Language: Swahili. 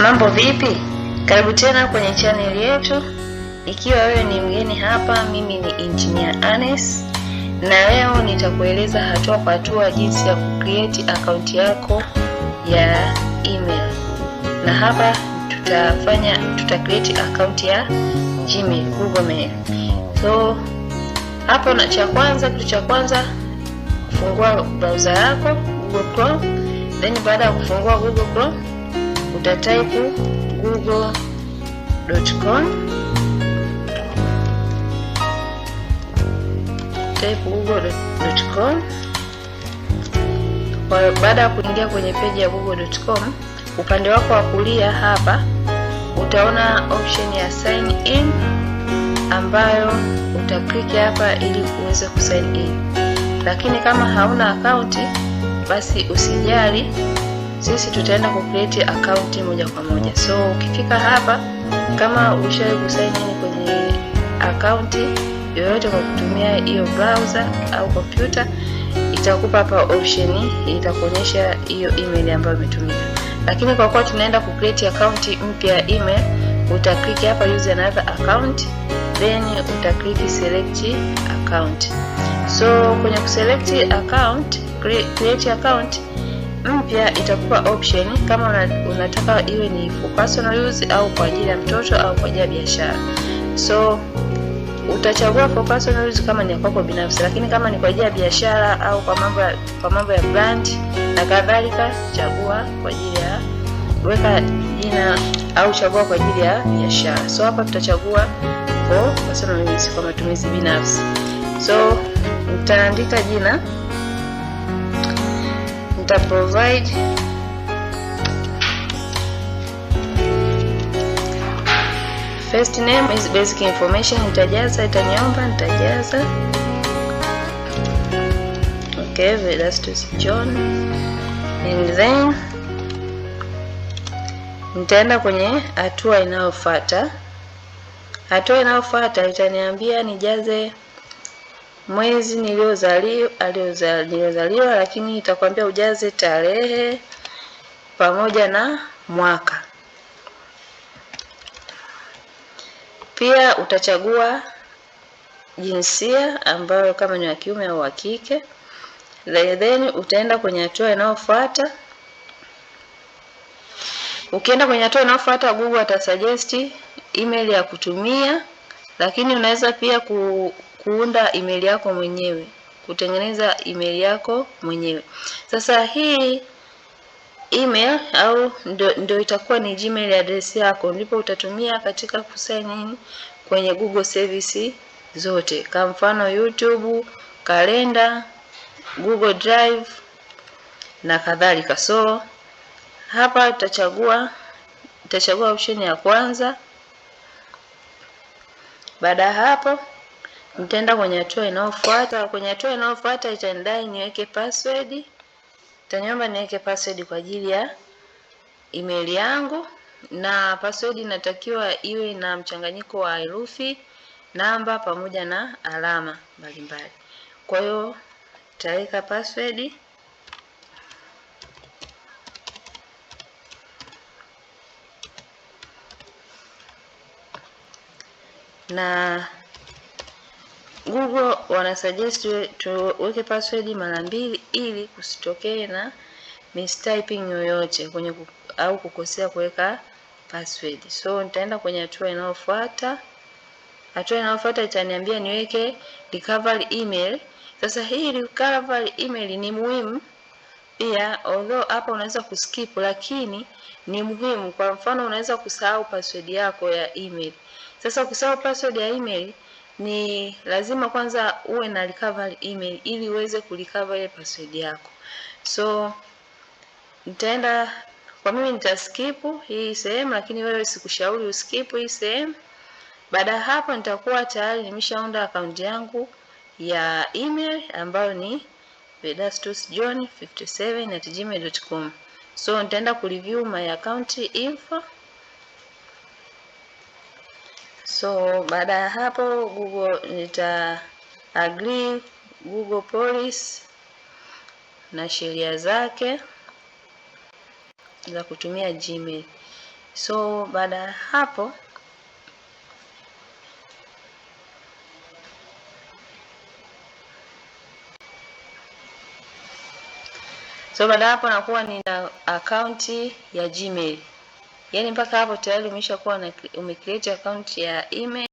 Mambo vipi? Karibu tena kwenye chaneli yetu. Ikiwa wewe ni mgeni hapa, mimi ni Engineer Anes na leo nitakueleza hatua kwa hatua jinsi ya kucreate akaunti yako ya email, na hapa tutafanya create akaunti ya Gmail, Google Mail. So hapo, na cha kwanza, kitu cha kwanza, fungua browser yako Google Chrome Then baada ya kufungua Google Chrome utatype google.com, type google.com. Kwa baada ya kuingia kwenye peji ya google.com, upande wako wa kulia hapa utaona option ya sign in ambayo utakliki hapa ili uweze kusign in, lakini kama hauna akaunti basi usijali, sisi tutaenda kucreate account moja kwa moja. So ukifika hapa, kama ushawahi kusign in kwenye account yoyote kwa kutumia hiyo browser au kompyuta, itakupa hapa option, itakuonyesha hiyo email ambayo umetumia. Lakini kwa kuwa tunaenda kucreate account mpya ya email, utaklik hapa use another account, then utaklik select account. So kwenye kuselect account create account mpya itakupa option kama unataka iwe ni for personal use au kwa ajili ya mtoto au kwa ajili ya biashara. So utachagua for personal use kama ni kwako binafsi, lakini kama ni kwa ajili ya biashara au kwa mambo ya kwa mambo ya brand na kadhalika, chagua kwa ajili ya weka jina au chagua kwa ajili ya biashara. So hapa tutachagua for personal use, kwa matumizi binafsi. So utaandika jina nita provide first name is basic information. Nitajaza, itaniomba, nitajaza. Okay, the last is John and then nitaenda kwenye hatua inayofuata. Hatua inayofuata itaniambia nijaze mwezi niliozaliwa niliozaliwa, lakini itakwambia ujaze tarehe pamoja na mwaka. Pia utachagua jinsia ambayo kama ni wa kiume au wa kike, then utaenda kwenye hatua inayofuata. Ukienda kwenye hatua inayofuata, Google atasuggest email ya kutumia, lakini unaweza pia ku kuunda email yako mwenyewe, kutengeneza email yako mwenyewe. Sasa hii email au ndo, ndo itakuwa ni Gmail address yako, ndipo utatumia katika kusign in kwenye Google service zote, kama mfano YouTube, kalenda, Google Drive na kadhalika. So hapa utachagua utachagua option ya kwanza. Baada ya hapo nitaenda kwenye hatua inayofuata. Kwenye hatua inayofuata itanidai niweke password, itaniomba niweke password kwa ajili ya email yangu, na password inatakiwa iwe na mchanganyiko wa herufi, namba pamoja na alama mbalimbali. Kwa hiyo nitaweka password na Google suggest tuweke password mara mbili ili kusitokee na mistyping yoyote kwenye au kukosea kuweka password. So nitaenda kwenye hatua inayofuata. Hatua inayofuata itaniambia niweke recovery email. Sasa hii recovery email ni muhimu pia, although hapa unaweza kuskip, lakini ni muhimu. Kwa mfano, unaweza kusahau password yako ya email. Sasa ukisahau password ya email ni lazima kwanza uwe na recover email ili uweze kurecover ile password yako. So nitaenda kwa mimi nitaskipu hii sehemu, lakini wewe sikushauri uskipu hii sehemu. Baada ya hapo, nitakuwa tayari nimeshaunda akaunti yangu ya email ambayo ni vedastusjohn57@gmail.com. So nitaenda kureview my account info So baada ya hapo Google nita agree Google policy na sheria zake za kutumia Gmail. So baada ya hapo So baada hapo nakuwa nina akaunti ya Gmail yani mpaka hapo tayari umeshakuwa umecreate account ya email